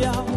yeah.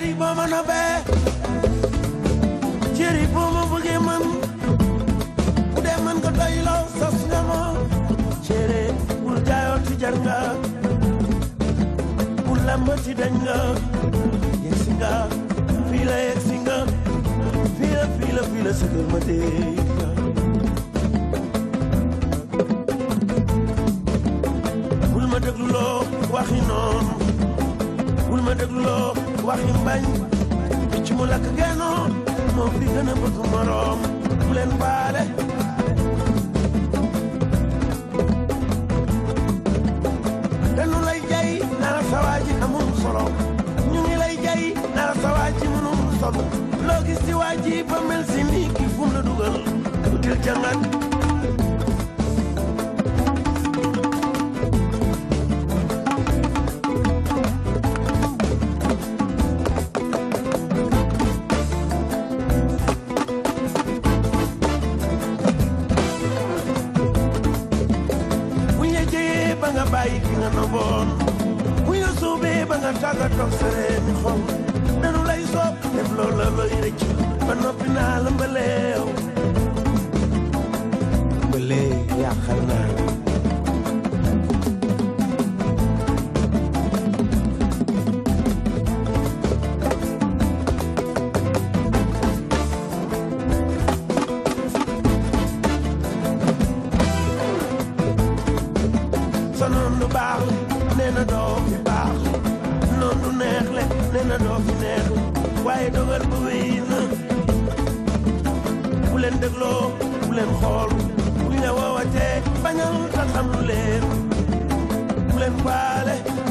chéri ba ma nobee chéri boo ma man bu dee man nga doy loo sos nga ma chéri bul jaayooti jar nga bul lambati dañ nga yegsi nga fii la yegsi nga fii la ma déglu loo waxi noonu ma déglu loo Wahin bañ picc mu lakk gennoon moom di gën a bëgg moroom mu leen baale dañu lay jay nara sawaaji amul solo ñu ngi lay jay nara sawaaji mënul solo loo gis ci waaji ba mel si nii ki fum la dugal util jàngat baaxul nee na doo fi baaxul noonu neex le nee na doo fi neexul waaye dogal ba wéy na bu leen dégloo bu leen xool bu ñu la bañal ta xam lu bu leen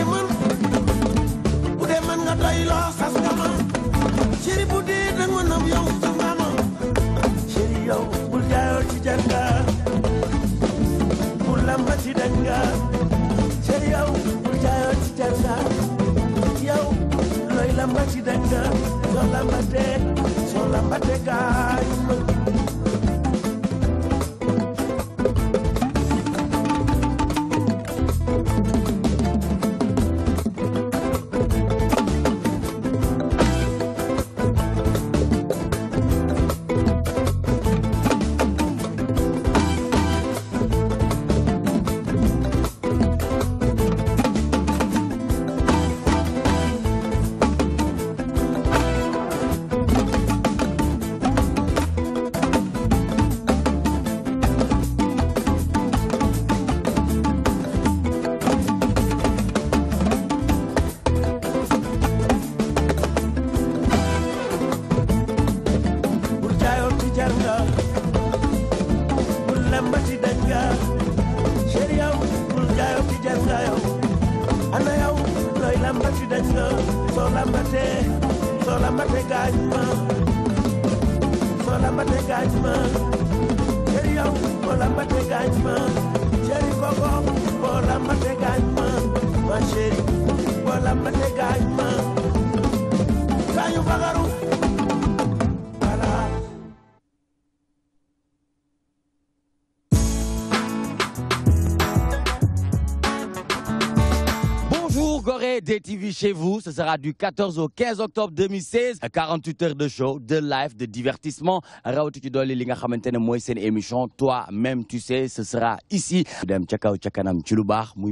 dee man bu dee man nga doy loo sas nga chéri bu dee dang ma nam yow sas nga chéri yow bul jaayoo ci janga bul ci danga chéri yow ci yow ci danga te te Gorée DTV chez vous, ce sera du 14 au 15 octobre 2016 48 heures de show de live de divertissement li nga et émission toi même tu sais ce sera ici dem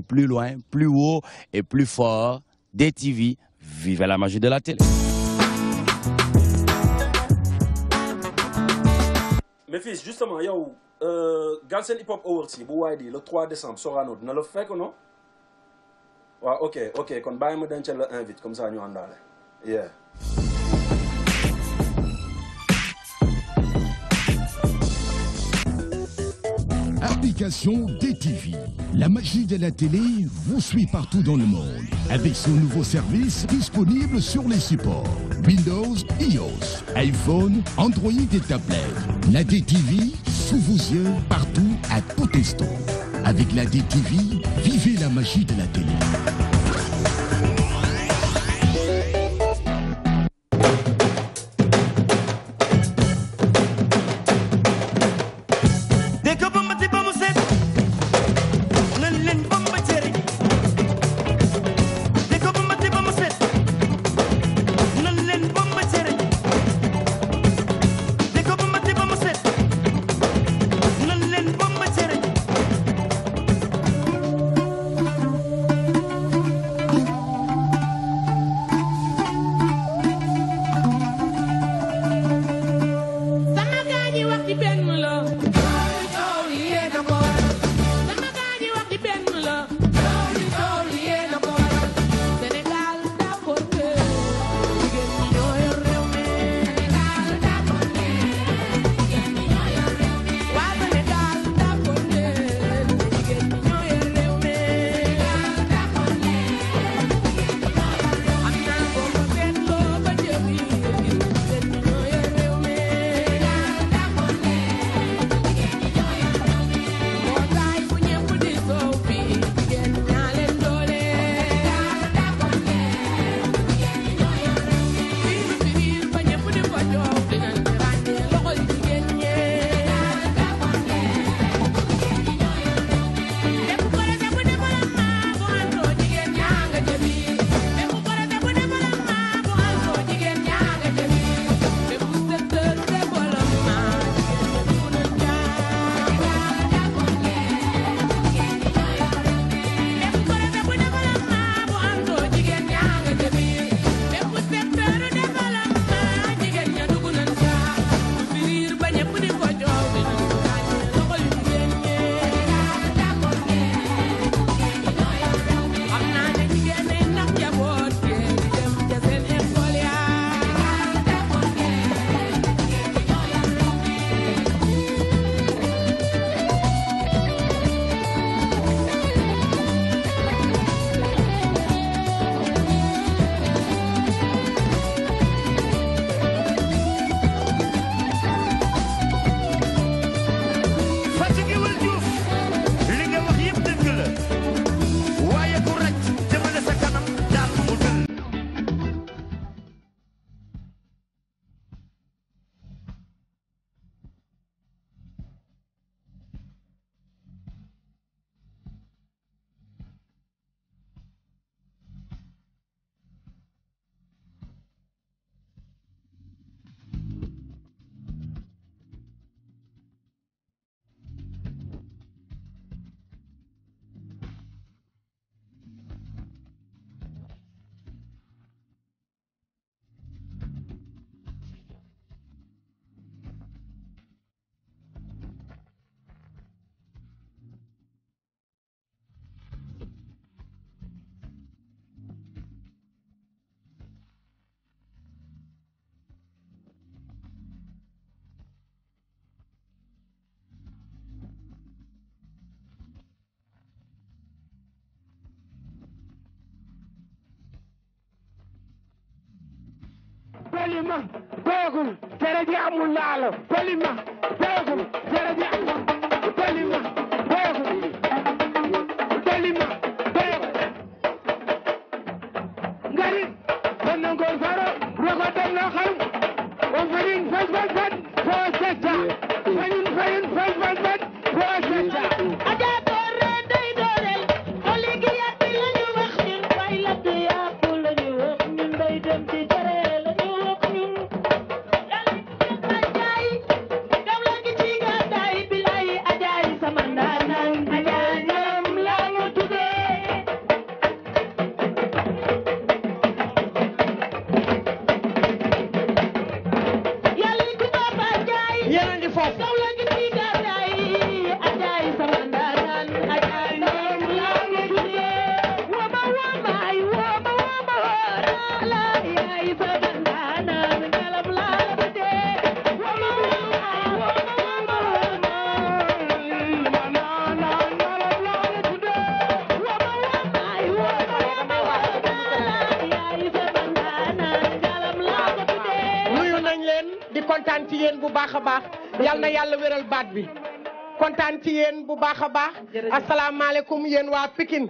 plus loin plus haut et plus fort DTV vive la magie de la télé Mes fils justement il euh, y Hip Hop Awards yi bu le 3 décembre Sorano le fait ou non ok ok invite comme ça yeah Application DTV. La magie de la télé vous suit partout dans le monde avec son nouveau service disponible sur les supports Windows, iOS, iPhone, Android et tablette. La DTV sous vos yeux partout à tout instant. Avec la DTV, vivez la magie de la télé. kolima beegul tere ji amul laalo kolima beegul tere ji amul kolima beegul kolima beegul ngari bannan faro rogo dem na xam o farin fas fas fas fo setta yàlla wéral baat bi kontaan ci yéen bu baax a baax. asalaamaaleykum yéen waa Pikine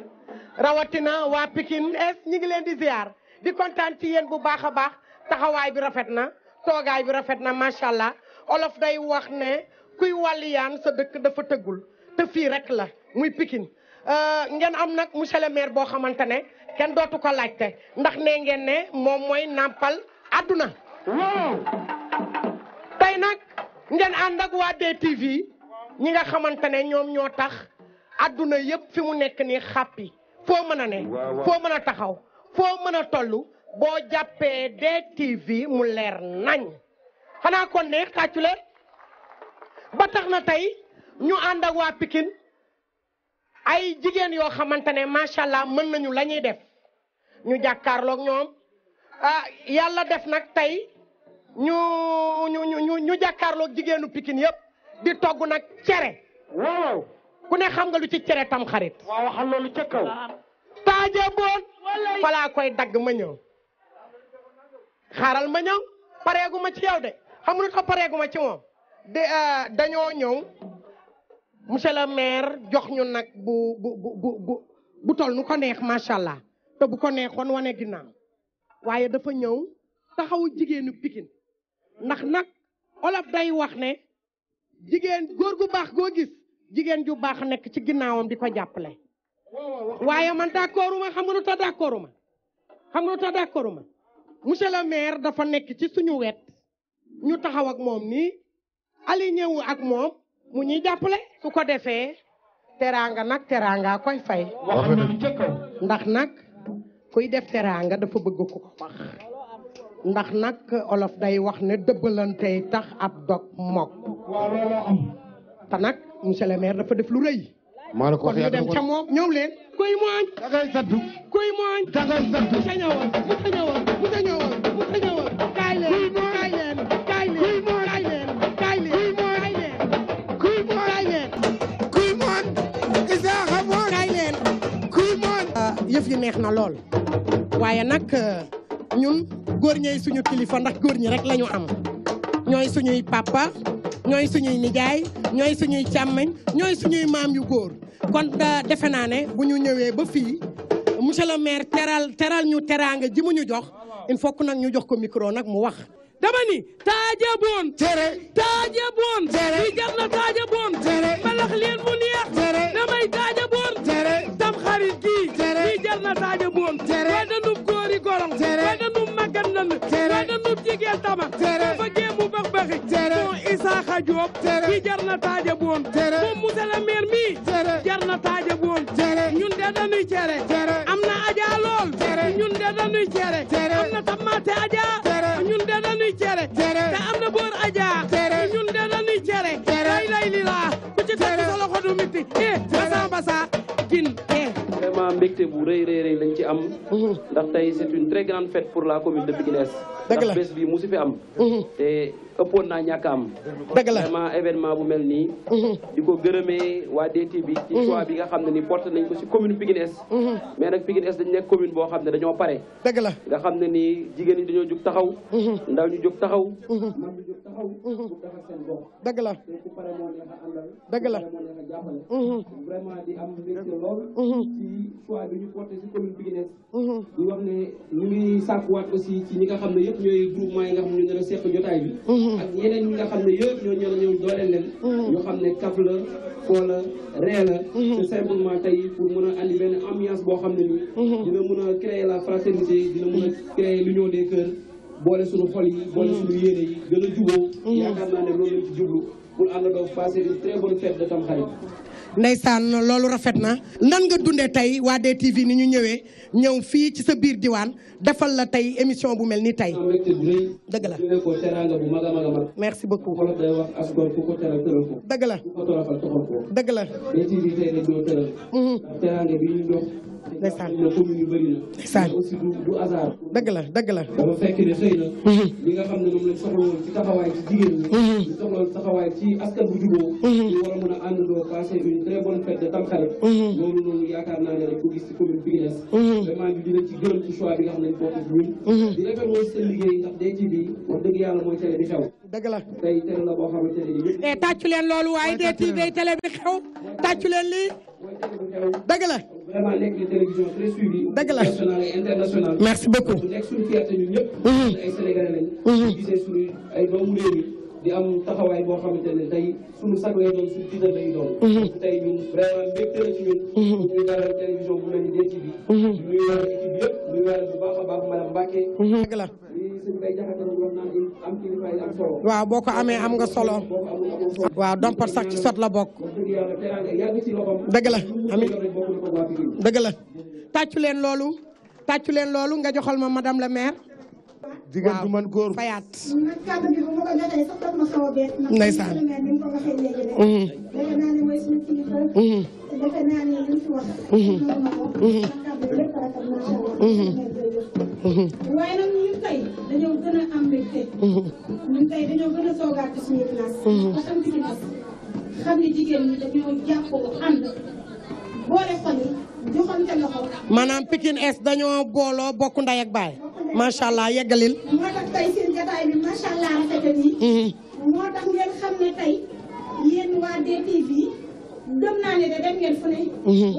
rawatina waa Pikine est ñi ngi leen di ziar di kontaan ci yéen bu baax a baax taxawaay bi rafet na toogaay bi rafet na macha allah olof day wax ne kuy wàlliyaan sa dëkk dafa tëggul te fii rek la muy Pikine. Euh, ngeen am nag monsieur le maire boo xamante ne kenn dootu ko laajte ndax ne ngeen ne moom mooy nàmpal àdduna. Mmh. tey nag ngeen ànd ak waa DTV ñi nga xamante ne ñoom ñoo tax adduna yëpp fi mu nekk nii xàppi foo mën a ne. foo mën a taxaw foo mën a toll boo jàppee DTV mu leer nañ xanaa kon ne tàccu ba tax na tey ñu ànd ak waa Pikine ay jigéen yoo xamante ne macha allah mën nañu la ñuy def ñu jàkkaarloog ñoom ah def nag tey. ñu ñu ñu ñu jigéenu Pikine yëpp di togg nag cere. waaw. ku ne xam nga lu ci cere tam xarit. waaw waxal loolu ca kaw. taaje boon. falaa koy dagg ma ñëw. xaaral ma ñëw pareegu ma ci yow de xam nga lu tax ma ci moom. Euh, dañoo ñëw monsieur le maire jox ñu nag bu bu bu bu bu tol nu ko neex macha allah te bu ko neexoon wane ginnaaw waaye dafa ñëw taxawu jigéenu pikin ndax nag olof day wax ne jigéen góor gu baax goo gis jigéen ju baax a nekk ci ginnaawam di ko jàppale. waaye man d'accorduma xam nga lu tax d'accorduma xam nga lu tax d'accorduma monsieur le maire dafa nekk ci suñu wet ñu taxaw ak moom nii aligné ñëw ak moom mu ñuy jàppale su ko defee teraanga nag teraanga koy fay. ndax nag kuy def teraanga dafa bëgg ku ko wax. ndax nag olof day wax ne dëbbalantey tax ab dog mokk te nag monsieur le dafa def lu rëy kon ñu dem kuy mooñ kuy mooñ dangay sattu kuy mooñ kuy mooñ isaaxa mooñ kaay leen kuy mooñ yëf neex na lool waaye nag ñun góor ñooy suñu kilifa ndax góor ñi rek la am ñooy suñuy papa ñooy suñuy nijaay ñooy suñuy càmmeñ ñooy suñuy maam yu góor kon defe naa ne bu ñu ñëwee ba fii monsieur le maire teral teral ñu teraanga ji mu ñu jox il faut nag ñu jox ko micro nag mu wax dama ni taaje boon tere taaje mu neex damay taaje boon tam xarit gi li jar na taaje boon Daniel Tama dafa gee mu bëx bëxi don Isaaxa Diop ki jar na taaja boon moom monsieur le maire mi jar na taaja boon ñun de dañuy cere am na aja lool ñun de dañuy cere am na tamaate aja ñun de dañuy cere te am na boor aja ñun de dañuy cere lay lay li laa ku ci takk sa loxo du miti e basa basa mbégte bu rëy rëy rëy lañ ci am. Mhm. ndax tay c'est une très grande fête pour la commune de Pikine Est. ndax bés bi mu fi am. Mhm. té ëppoon naa ñàkk am. dëgg la vraiment événement bu mel nii. Mhm. di ko gërëmee waa DTV. ci mhm. choix bi nga xam ne ni porté nañ ko si commune Pikine Est. Mhm. mais nag Pikine Est dañ nekk commune boo xam ne dañoo pare. dëgg la nga xam taxaw. ndaw ñu jóg taxaw. mag ñu jóg la te ku a la vraiment di am mbégte lool. ci choix bi ñu porté si commune Pikine Est. di wax ne ñu ngi sàkkuwaat aussi ci ñi nga xam ne yëpp ñooy Nous nous, nga xamné de ñoo doole leen mm-hmm. ñoo xamné kaf la mm-hmm. pour mëna ambiance mm-hmm. créer la fraternité dina créer l'union des cœurs boole suñu xol yi suñu yi pour ànd très bonne fête de Tamxarit ndeysaan loolu rafet na nan nga dundee tey waa DTV ni ñu ñëwee ñëw fii ci sa biir diwaan defal la tey émission bu mel ni tey. dëgg la. merci beaucoup. dëgg la. dëgg la. ndeysaan ndeysaan dëgg la dëgg la dama fekk ne xëy na li mhm. nga xam ne moom lañ soxla woon ci taxawaay ci jigéen ñi mhm. ñu soxla woon taxawaay ci askan bu juboo mhm. ñu war a mën a àndandoo passer une très bonne fête de Tamxarit loolu noonu yaakaar naa ne dañ ko gis ci commune Bigness vraiment ñu dina ci gërëm ci choix bi nga xam ne bokk ci ñun di rafet woon seen liggéey ndax day ci bi wax dëgg yàlla mooy télé bi xew dëgg la tey télé la boo xamante ne eh, tàccu leen loolu waaye day télé bi xew tàccu leen lii dëgg la vraiment nekk une télévision très suivie. dëgg nationale et internationale. merci beaucoup nekk suñu fierté ñun ñëpp. Mhm. ay Sénégalais lañ. Mhm. ñu gisee suñu ay doomu réew mi. di am taxawaay boo xamante ne tey suñu sag lay doon suñu jiital lay doon. tey ñun vraiment mbégte la ci ñun. Mhm. ñu dalal télévision bu mel ni denc bi. Mhm. ñuy wàllu équipe yëpp ñuy wàllu bu baax a baax madame Mbacke. Mhm. dëgg la lii suñu bay jaxate doon wax naan waaw boo amee am nga solo. waaw dompat sax ci la bokk. dëgg la amiin leen loolu tàccu leen loolu nga joxal ma madame la maire. jigéen du man góor fayaat ndeysaan waaye nag ñun tey dañoo gën a am ba booloo bokk ndey ak macha allah yeggalil. moo tax tey seen jotaay bi macha allah rafet nii. moo tax ngeen xam ne tey yéen waa DTV gëm naa ne de dem ngeen fu ne.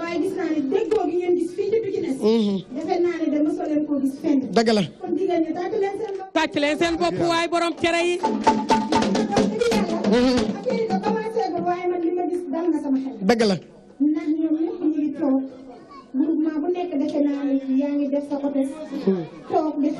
waaye gis naa ne déggoo gi ngeen gis fii ci Pikine. defe naa ne de mosoo leen koo gis fenn. dëgg la kon jigéen ñi tàcc leen seen bopp. tàcc leen seen bopp waaye borom cere yi. waaye man li ma gis dal na sama xel. dëgg la. ndax ñoom ñëpp ñu ngi toog groupement bu nekk defe naa ne yaa ngi def sa côté.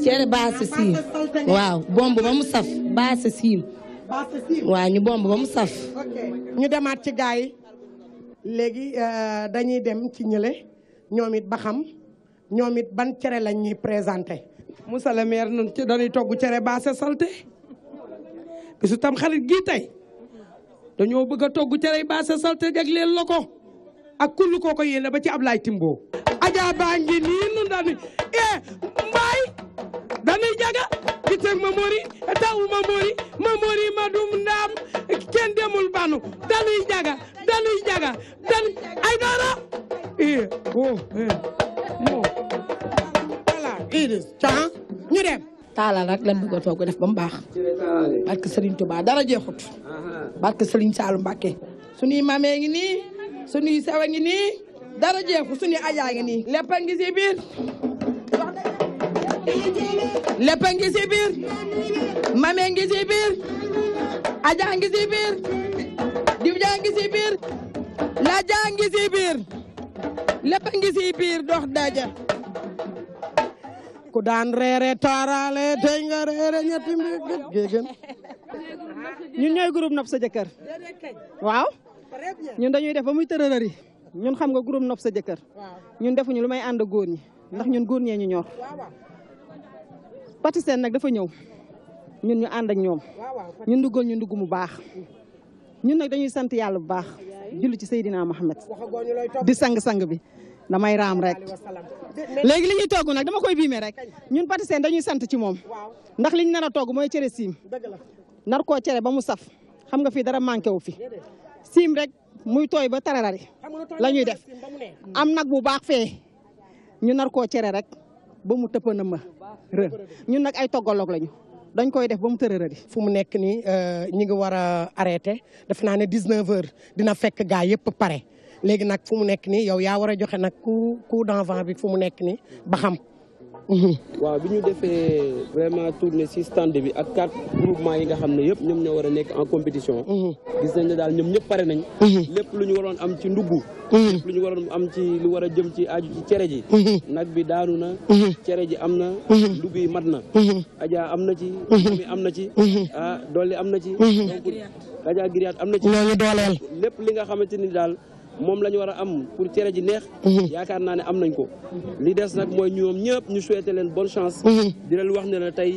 cere baase siin waaw bomb ba mu saf baase siin waaw ñu bomb ba mu saf ñu demaat ci gaa yi léegi euh, dañuy dem ci ñële ñoom it ba xam ñoom it ban cere lañ ñuy présenté Moussa le maire nun ci dañuy togg cere baase salté bisu tam xarit gii tey dañoo bëgg a togg cere baase salté jagleel la ko ak kullu koo ko yéene ba ci Ablaye Timbo Adja baa ngi nii nu dani eh mbaay danuy jaga gis ak Mamori tawu Mamori Mamori madum ndaam kenn demul banu danuy jaga danuy jaga dan ay dara eh oh eh mo voilà Iris caa ñu dem taala nag lan bëgg a togg def ba mu baax barke Serigne Touba dara jeexut barke Serigne Saalu Mbàkke sunuy mamee ngi nii dara je ko suni ngi ni lépp a ngi si biir lépp a bir, si biir mame ngi gizi bir, ajaa ngi bir, biir dibjaa ngi si biir laajaa ngi si biir lépp a ngi dox daja ku daan rere tarale tey nga reere ñetti ñun ñoy groupe sa ñun dañuy def ba muy ñun xam nga groupe nopp sa jëkkër ñun defuñu lu may ànd góor ñi ndax ñun góor ñee ñu ñor Patisen nag dafa ñëw ñun ñu ànd ak ñoom ñu nduggal ñu ndugg mu baax ñun nag dañuy sant yàlla bu baax julli ci Seydina Mohamed di sang-sang bi damay raam rek léegi li ñuy togg nag dama koy biime rek ñun Patisen dañuy sant ci moom ndax liñ nar a toog mooy cere siim nar koo cere ba mu saf xam nga fii dara manqué wu fi siim rek muy toy ba tararari la ñuy def am nak bu baax fe ñu nar ko cere rek ba mu tëppana ma reul ñun nak ay togolok lañu dañ koy def ba mu tërërëri fu mu nekk euh ñi nga wara def na ne 19 h dina fekk gaa yépp pare légui nak fu mu nekk ni yow ya wara joxé nak ku ku d'avant bi fu mu nekk ni ba xam waaw bi ñu defee vraiment tournée si stand bi ak quatre groupement yi nga xam ne yëpp ñoom ñoo war a nekk en compétition mhm. gis nañ ne daal ñoom ñëpp pare nañ mhm. lépp lu ñu waroon am ci ndugg mhm. lépp lu a li nga xamante ni daal mom lañu wara am pour cere ji neex. Mhm. yaakar naane ne am nañ ko. li dess nak moy ñoom ñepp ñu souhaiter len bonne chance. Mhm. di leen wax ne la tay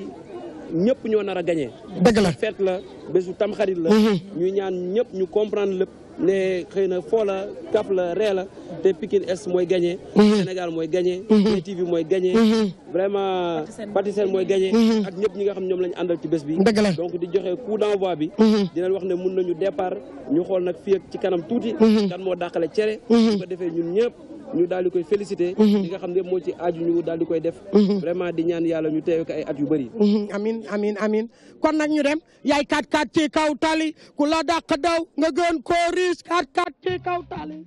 ñepp ñoo nara gagner dëgg la fête la bésu tamxarit la. Mhm. ñu ñaan ñepp ñu comprendre le. ne xëy na foo la kaf la ree la te Pikine Est mooy gagné. Mhm. Sénégal mooy gagné. Mhm. TV mooy gagné. Mhm. vraiment Patisen mooy gagné. ak ñëpp ñi nga xam ñoom la ñu àndal ci bés bi. dëgg la donc di joxe coup d'envoi bi. dinañ wax ne mun nañu départ ñu xool nag fii ci kanam tuuti. kan moo dàqale cere. bu ko defee ñun ñëpp. ñu daal di koy félicité mhm. li nga xam ne moo ci aaju ñu daal di koy def mhm. vraiment di ñaan yàlla ñu teewe ko ay at yu bëri mhm. amin amin amin kon nag ñu dem yaay kat kat ci kaw tali ku la dàq daw nga gën koo riis kat kat ci kaw tali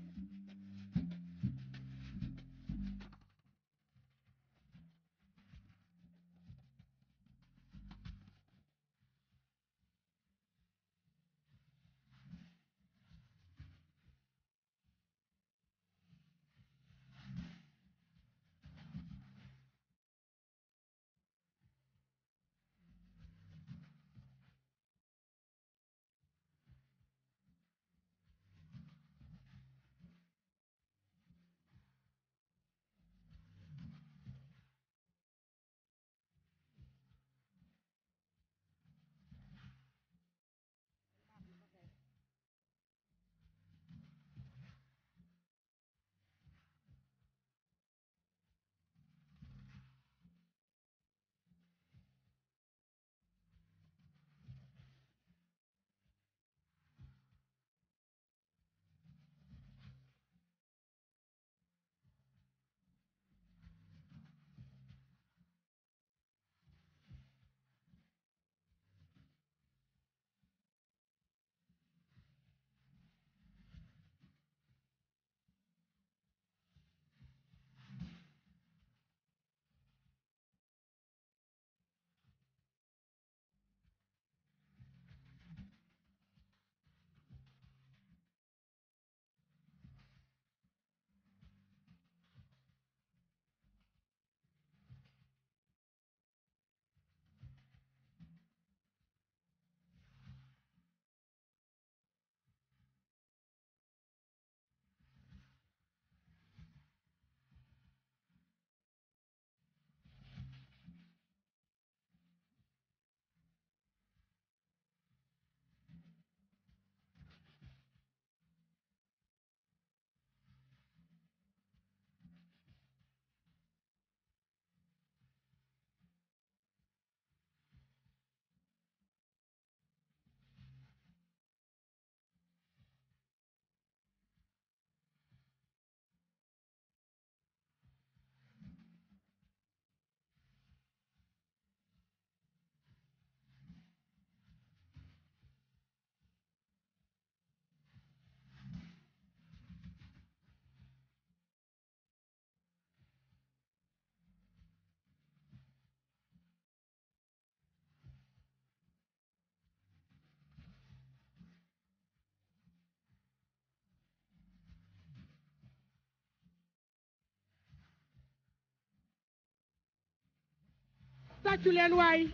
tàccu leen waay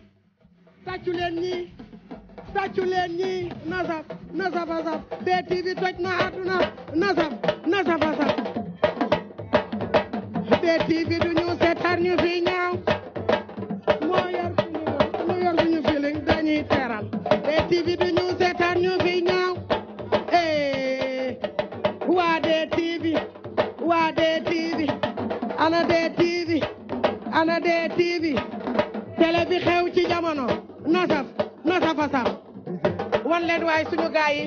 ñii tàccu ñii nasaf nasaf asaf BTV toj na àdduna nasaf nasaf asaf BTV du ñu seetaan ñu fi moo yor suñu moo yor suñu feeling dañuy teral BTV du ñu seetaan ñu fi ñaaw eh waa BTV waa BTV ana BTV ana BTV bi xew ci jamono nosaf nosafa saf wan leen waaye suñu gaa yi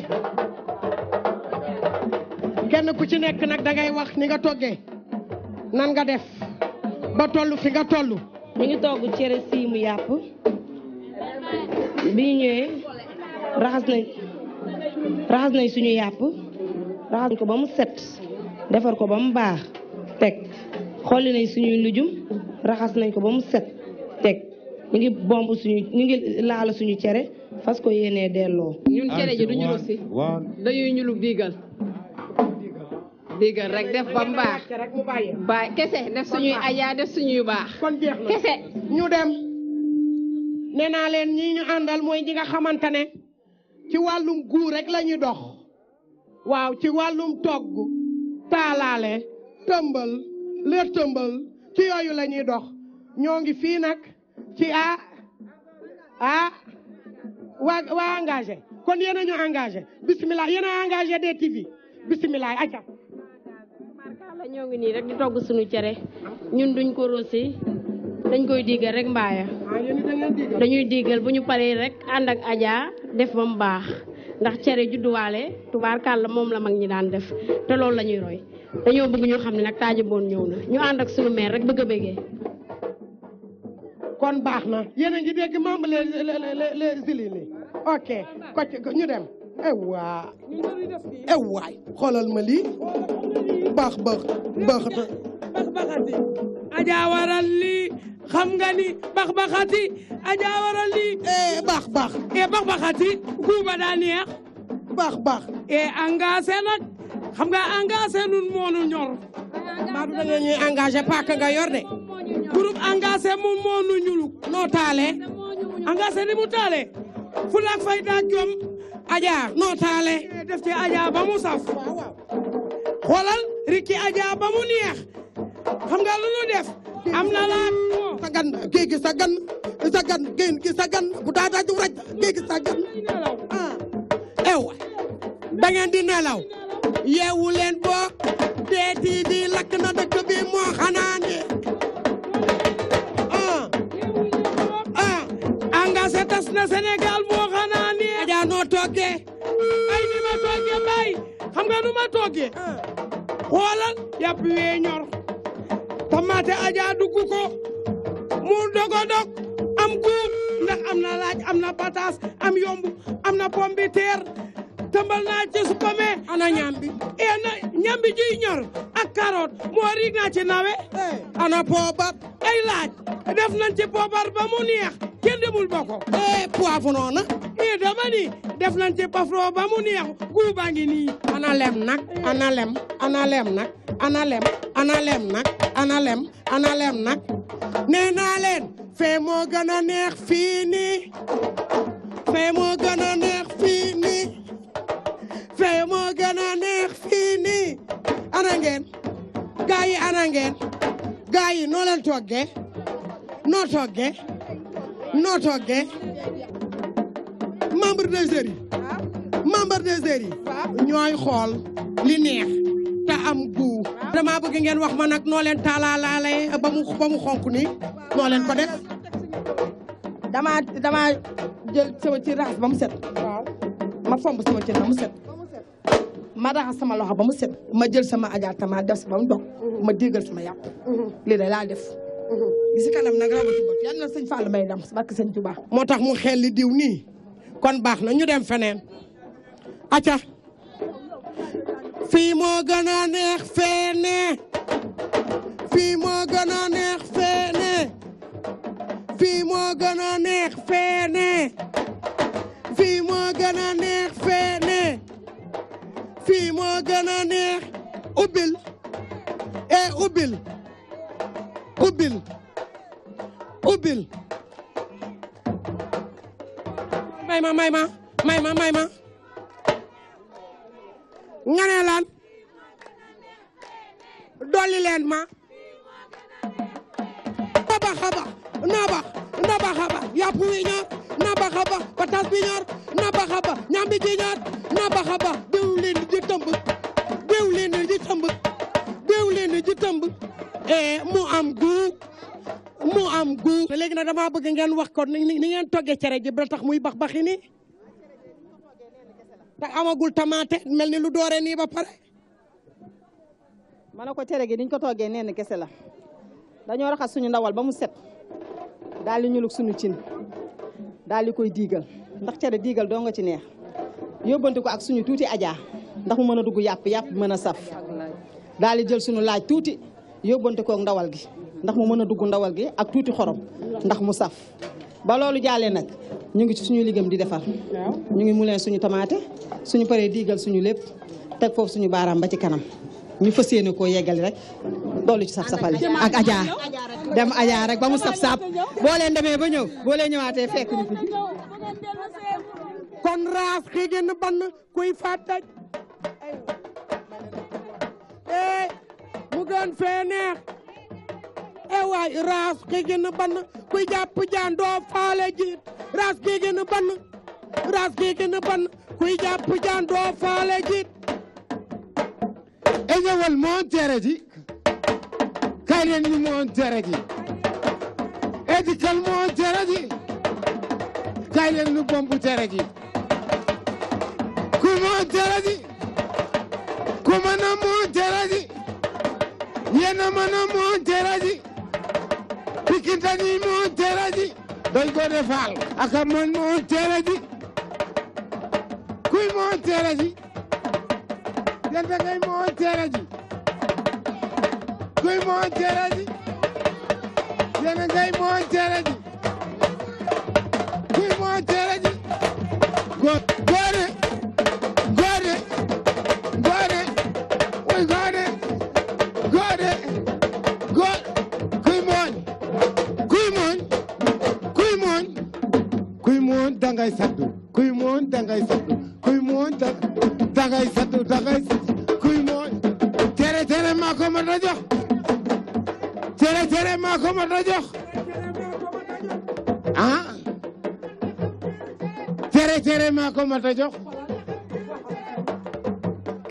kenn ku ci nekk nag dangay wax ni nga toggee nan nga def ba toll fi nga tollu mu ngi togg cere siimu yàpp bi ñu ñëwee raxas nañ raxas suñu yàpp raxas nañ ko ba mu set defar ko ba mu baax teg xolli nañ suñuy lujum raxas nañ ko ba mu set ñu ngi bomb suñu ñu ngi laal suñu cere fas ko yéenee delloo. ñun cere ji du ñu rosi dañuy ñulu diigal diigal rek def ba mu baax ba kese def suñuy ajaa def suñuy baax. kon jeex kese ñu dem nee naa leen ñi ñu àndal mooy ñi nga xamante ne ci wàllum guur rek la ñuy dox waaw ci wàllum togg taalaale tëmbal leer tëmbal ci yooyu la dox ñoo ngi fii nag. ci a a wa wa engagé kon yéen a ñu engagé bisimilah yéen a engagé DTV bisimilah aca la ñoo ngi nii rek di togg suñu cere ñun duñ ko rosi dañ koy diigal rek mbaaya ah, dañuy diigal bu ñu paree rek ànd ak Adja def ba baax ndax cere judduwaale tubaarkàlla moom la mag ñi daan def te loolu la ñuy roy dañoo bëgg ñu xam ne nag taaji boon ñëw na ñu ànd ak suñu meer rek bëgg a bëggee kon baax na yéen a ngi dégg membre les les les zili ni ok ko ñu dem ewaa eh ewaay eh xoolal ma lii baax baax baaxata bax baxati ajaa waral lii xam nga ni bax baxati ajaa waral lii eh, baax baax e bax baxati guuba daa neex baax baax e engagé nag xam nga engagé nun moonu ñor maa du da nga ñuy engagé paaka nga yor de engagé moom moo nu no talé taalee engagé ni mu talé fu la fay da jom aja no talé def ci aja ba mu saf xolal riki aja ba mu neex xam nga lu nu def am na sagan geegi sagan sagan geen gi sagan bu da ju raj géej gi sagan ah. ew da ngeen di nelaw yewulen leen boo na dekk bi mo xanaane jaxase na Sénégal moo xanaa ni noo toogee ay ni ma toogee mbay xam nga nu ma ah. xoolal yàpp wee ñor tamaate Adja dugg mu dogodog am guub ndax am na laaj am na pataas am yomb am na pombiteer tëmbal naa ci supame ana ñambi ee eh, ñambi juy ñor ak carotte moo naa ci nawe eh. ana poobar ay laaj def nañ ci poobar ba mu neex kenn demul ba ko. eh poivron na. Eh, def nañ ci ba mu neex guy ana lem nag ana lem ana lem nag ana lem ana lem nag ana lem moo gën a neex fii nii moo gën a neex fii nii moo gën a neex fii nii ana ngeen gaa yi ana noo leen noo toggee membre des jurys membre des jurys ñooy xool li neex te am guu dama bëgg ngeen wax ma nag noo leen taalaalaale ba mu ba mu xonk nii dama dama jël sama ci raxas ba set ma fomb sama ci ba set ma raxas sama loxo ba mu set ma jël sama ajaar tama def si ba dog ma déggal sama yàpp mm-hmm. lii de laa def bi si kanam nag rabatu bët yal na seigne Fall may dam barke seigne Tuubaa motax mu xel li diw ni kon bax na ñu dem feneen aca fi mo gën neex fene fi mo gën neex fene fi mo gën neex fene fi mo gën neex fene fi mo gën neex ubil e eh, ubil ubbil ubbil may ma may ma may ma may ma nga ne lan dolli leen ma naba xaba naba naba xaba yàpp wi ñor naba xaba patas bi ñor naba xaba ñambi ji ñor naba xaba diwlin ji tëmb Eh, mu am gu mu am gu te léegi nag damaa bëgg ngeen wax ko ni ngeen toggee cere ji ba tax muy bax baxi ni te amagul tamaate mel ni lu doore nii ba pare ma ne ko cere gi niñ ko toggee neen kese la dañoo raxas suñu ndawal ba mu set daal di ñuluk suñu cin daal di koy diigal ndax cere diigal doo nga ci neex yóbbante ak suñu tuuti ajaa ndax mu mën dugg yàpp yàpp mën saf daal di jël suñu laaj tuuti yóbbante koog ndawal gi ndax mu mën a dugg ndawal gi ak tuuti xorom ndax mu saf ba loolu jàllee nag ñu ngi ci suñu liggéeyam di defar ñu ngi muleen suñu tamaate suñu paree diigal suñu lépp teg foofu suñu baaraam ba ci kanam ñu fas yéene koo rek dolli ci saf safal ak Adja dem Adja rek ba mu saf saf boo leen demee ba ñëw boo leen ñëwaatee fekk ñu kon raas xi ban kuy fàttaj mu gën fee neex eh raas ki ban ku jàpp jaan doo faale jiit raas ki ban ku jàpp jaan doo faale jiit e ñëwal montere ji kay leen ñu montere ji e dikkal montere ji kay leen ñu bombu tere ji ku montere ji ku mën a montere ji yéen a mën a monteera ji Pikine dañuy monteera ji dañ ko defaal ak a mën monteera ji kuy monteera ji yéen da ngay monteera ji kuy monteera ji yéen a ngay monteera ji kuy monteera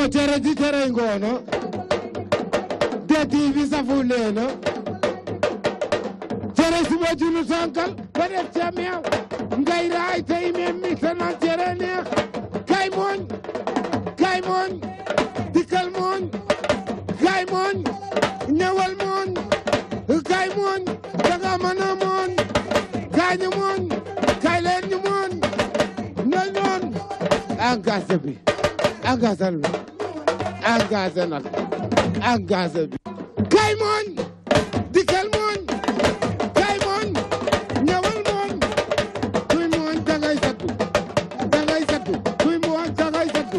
mo cere ti cere ngono detivi safu neno cere simo junu sankal baɗet camiya ngayra ay tawi men mi tanan cere neex kay moñ kay moñ dikkal moñ kay moñ ñewal moñ kay moñ danga mana moñ kañu moñ kay leen ñu moñ na ñoon engagé bi engagé na engagé na engagé bi kay mooñ dikkal mooñ kay mooñ ñëwal mooñ kuy mooñ dangay sattu dangay sattu kuy mooñ dangay sattu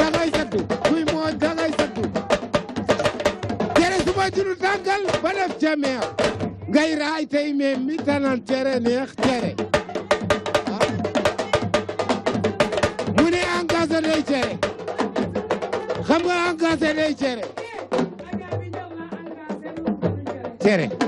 dangay sattu kuy mooñ dangay sattu tere suma juru tàngal ba def jameer ngay raay tey mi tanan tere neex tere xam nga engrais cere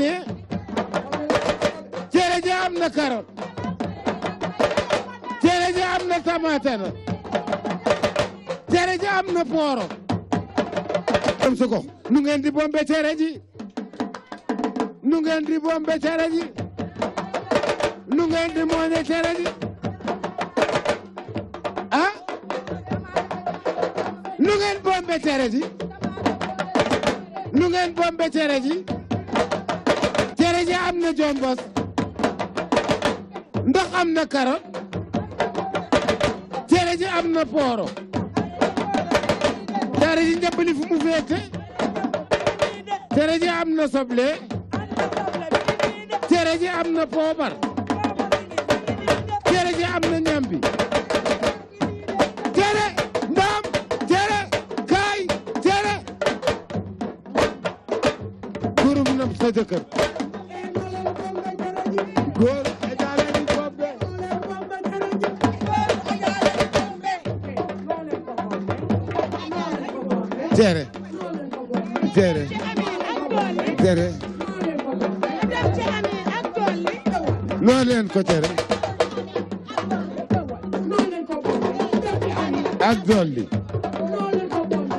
ne cere ja am na karot cere ja am na tamaate na cere ja am ko nu ngeen di bombe cere nu ngeen di bombe cere ji nu ngeen di mooñe nu ngeen bombe cere ji nu ngeen bombe cere ah, tey jii am na jombos ndax am na karot cere ji am na pooro cere ji njabali fu mu féete cere ji am na soble cere ji am na poobar cere ji am na ñambi cere ndaam cere kay, cere kurum nam sa jëkkër tere tere tere noo leen ko tere ak dolli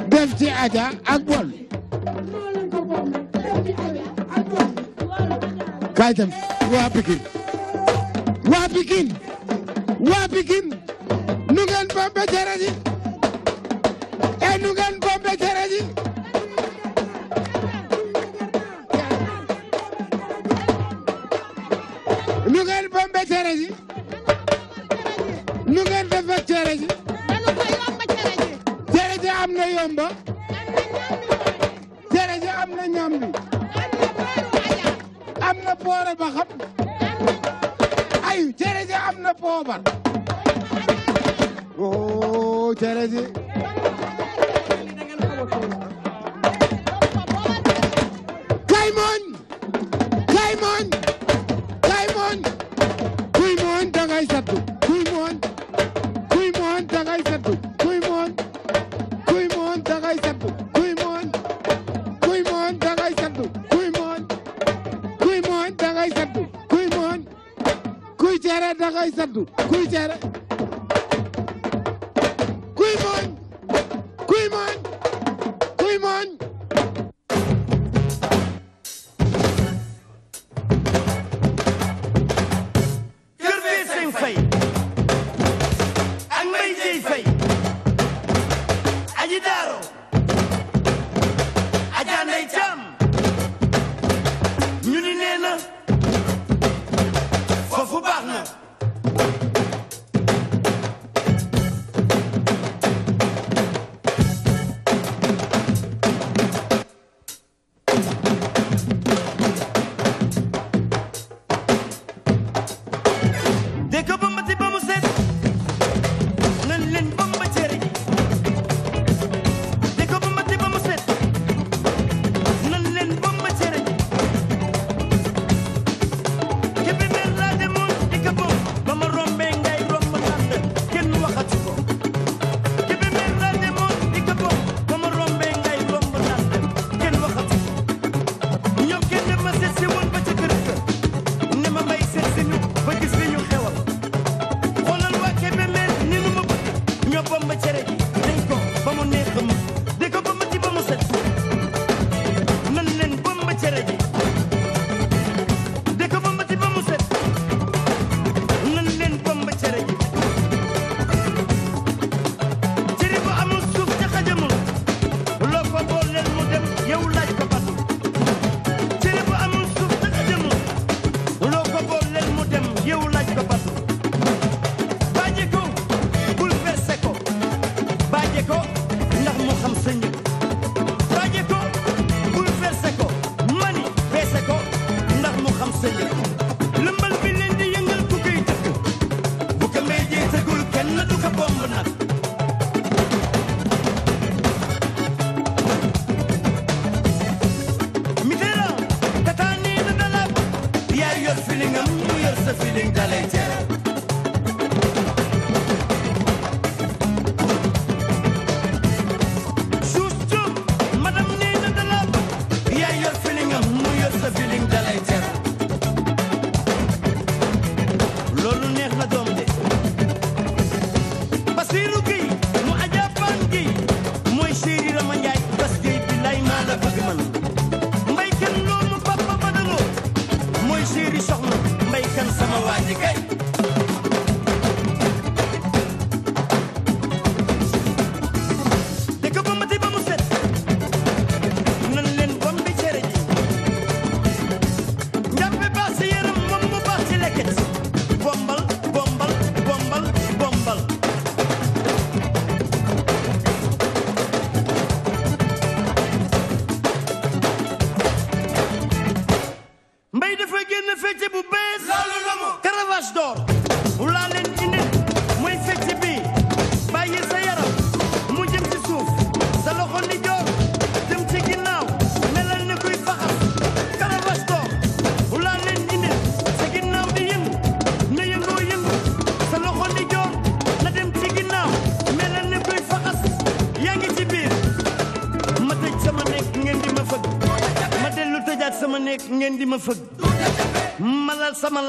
def ci aja ak bol kaay tam waa Pikine waa Pikine waa Pikine nu ngeen bamba jara ji nu ngeen def ba cere ji. dañu ko yomb cere ji. cere ji am na yomba. cere ji am na ñam bi. am na poore ba xam. ayu cere ji am na poobar. oo oh, cere ji.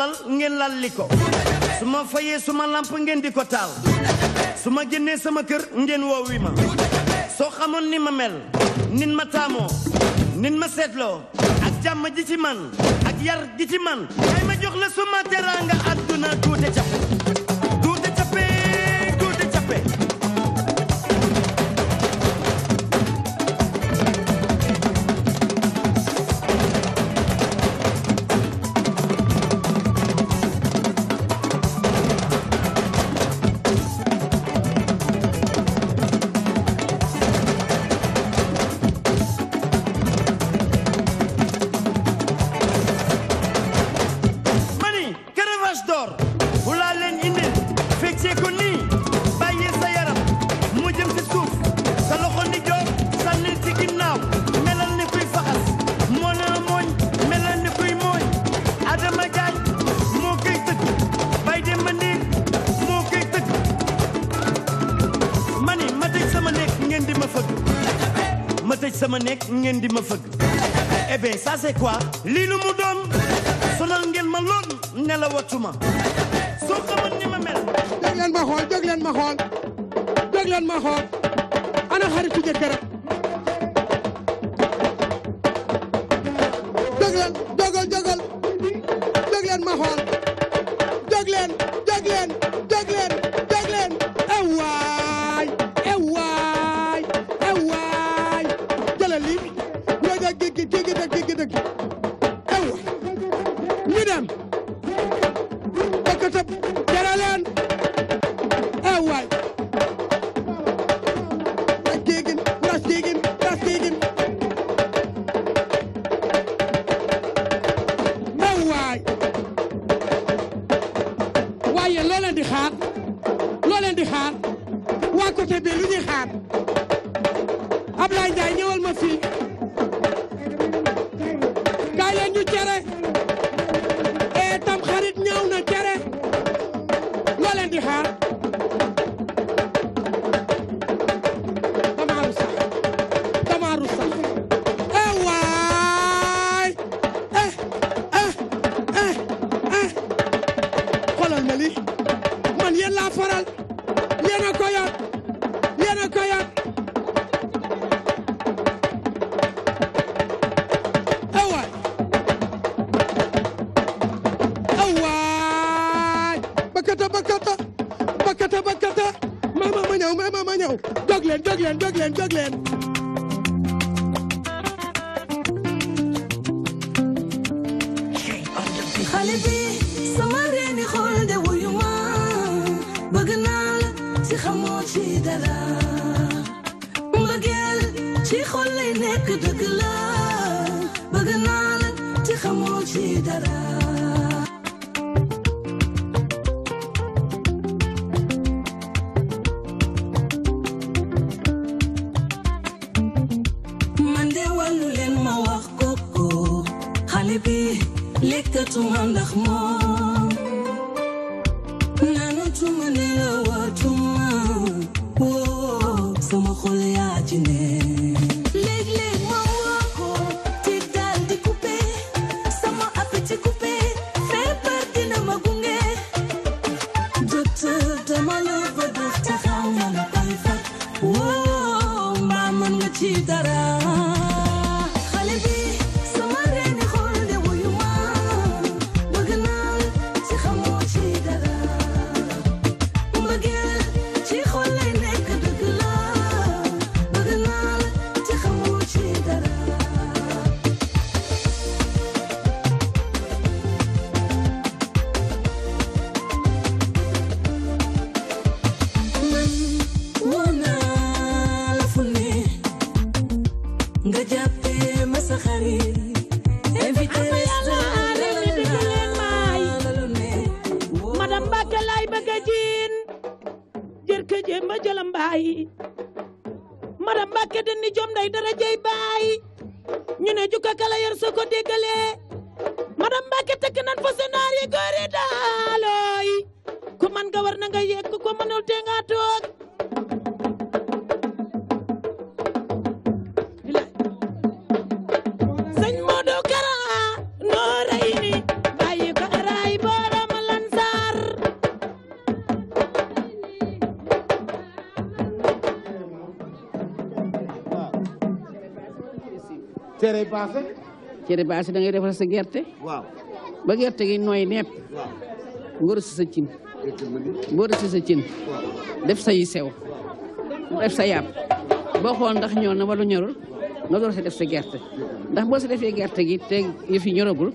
lal ngeen lal ko su ma fayee suma lamp ngeen di ko taal su ma génnee sama kër ngeen woow wi ma soo xamoon ni ma mel nin ma taamoo nin ma seetloo ak jàmm ji ci man ak yar gi ci man kay ma jox la suma teraanga àdduna tuute cafu di ma fëgg eh bien ça c'est quoi lii lu mu doon sonal ngeen ma lool ne la wattuma soo xamoon ni ma mel jóg leen ma xool jóg leen ma xool jóg leen ma xool ana xaritu jëkkëram yéen laa a ko yor yéen a ko yor awaay awaay bakkata bakkata bakkata bakkata mama ma ñëw mama ma ñëw jóg leen jóg leen jóg leen jóg leen paase. cere paase da ngay defar sa gerte. waaw ba gerte gi nooy nepp. waaw nga rëcc sa cin. boo rëcc sa cin. def sa yi sew. sa yàpp boo xool ndax ñor na wala ñorul nga door si def sa gerte ndax boo si defee gerte gi te yëf fi ñoragul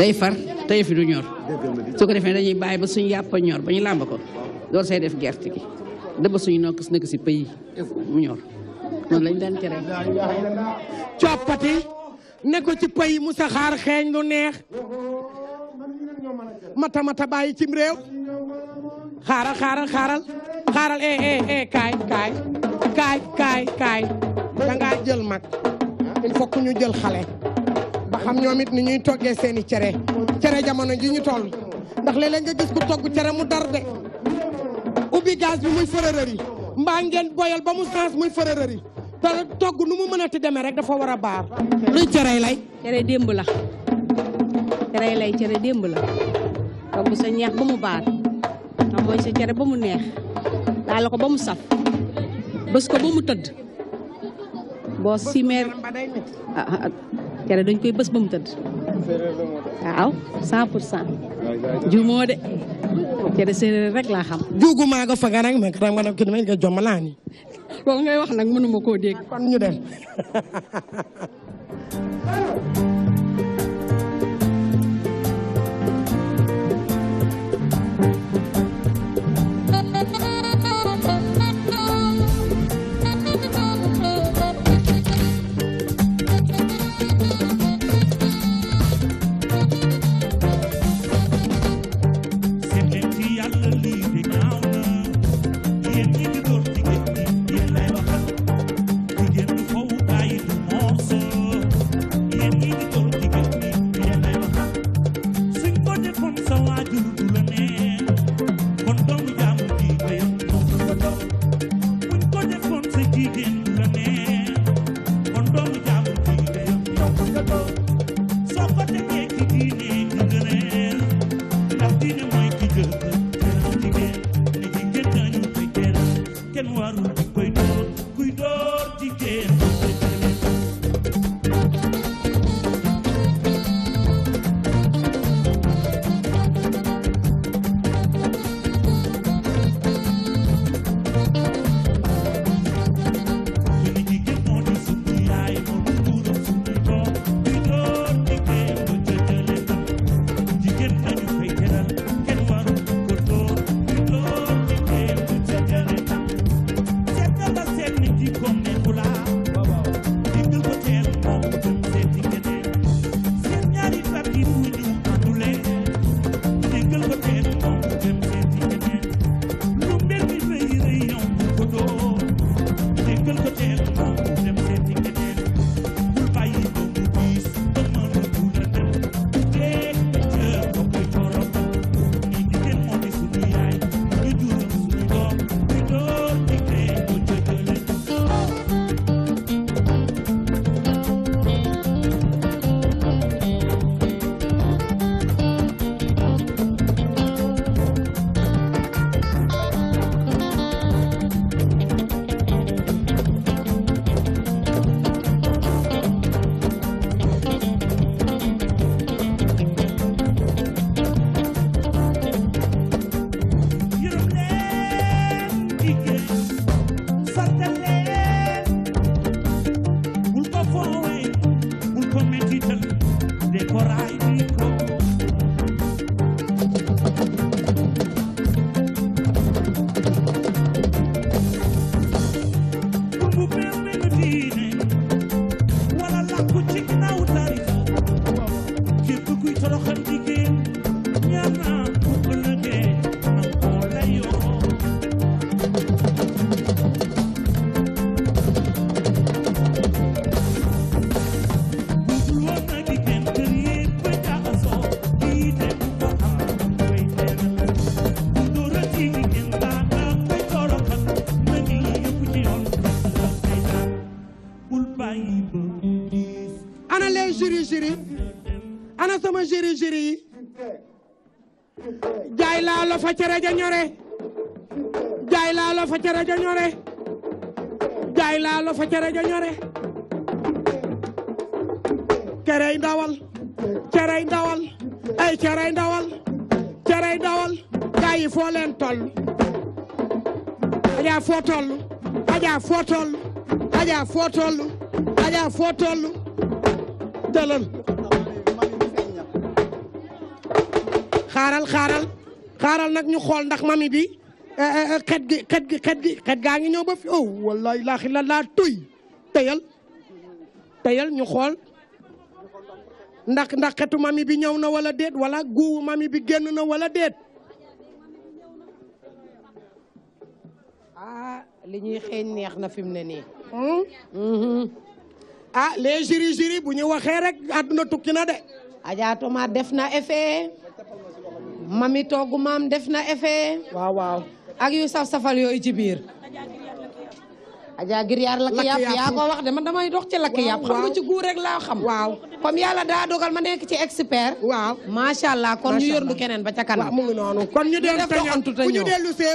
day far te yëf yi du ñor su ko defee dañuy bàyyi ba suñ yàpp ñor ba ñu làmb ko door say def gerte gi dëbb suñu nokk si nekk si pays mu ñor lañ daan cere coppati ne ko ci pay mu saxaar xeeñ lu neex mata mata bàyyi cim réew xaaral xaaral xaaral xaaral eh eh eh kaay kaay kaay kaay kaay dangaa jël mag il faut ñu jël xale ba xam ñoom it ni ñuy toggee seen i cere cere jamono ji ñu toll ndax léeg-léeg nga gis ku togg cere mu dar de ubbi gaz bi muy fërërëri mbaa ngeen boyal ba mu sens muy fërërëri te togg nu mu mënati demee rek dafa war a luy cere lay cere démb la cere lay cere démb la togg sa ñeex ba mu baar nga mooy sa cere ba mu neex daal ko ba saf bës ko ba mu tëdd boo simeer ah, cere dañ koy bës ba mu tëdd waaw cent pour cent jumoo de cere séeréer rek laa xam juugu maa nga faga nag mais nga nag ki nga jomalaani loolu ngay wax nag mënuma koo dégg kon ñu dem jaay laa lo fa cere ja ñore jaay laa lo fa cere ja ñore jaay laa lo fa cere ja ñore cerey ndawal cerey ndawal ay cerey ndawal ndawal gaa yi foo leen toll ajaa ajaa foo ajaa foo ajaa foo toll xaaral xaaral xaaral nak ñu xol ndax mami bi eh, eh, eh, kat gi kat gi kat gi kat ngi ba fi oh wallahi laaxi la tuy teyal teyal ñu xol ndax ndax katu mami bi ñew na wala deet wala gu mami bi genn na wala deet ah li ñuy xey neex na fi mu ne hmm mm-hmm. ah les jiri jiri bu ñu waxe rek aduna tukki na de def na effet mami togu mam def na effet. waaw waaw ak yu saf safal yoy ci biir. Adja Giriyaar lakk yap ya ko wax de man damay dox ci lakk yap xam nga ci goor rek la xam. waaw comme yalla da dogal ma nek ci expert. waaw macha allah kon ñu yóndu keneen ba ca kanam. waaw mu ngi nonu kon ñu dellu ñu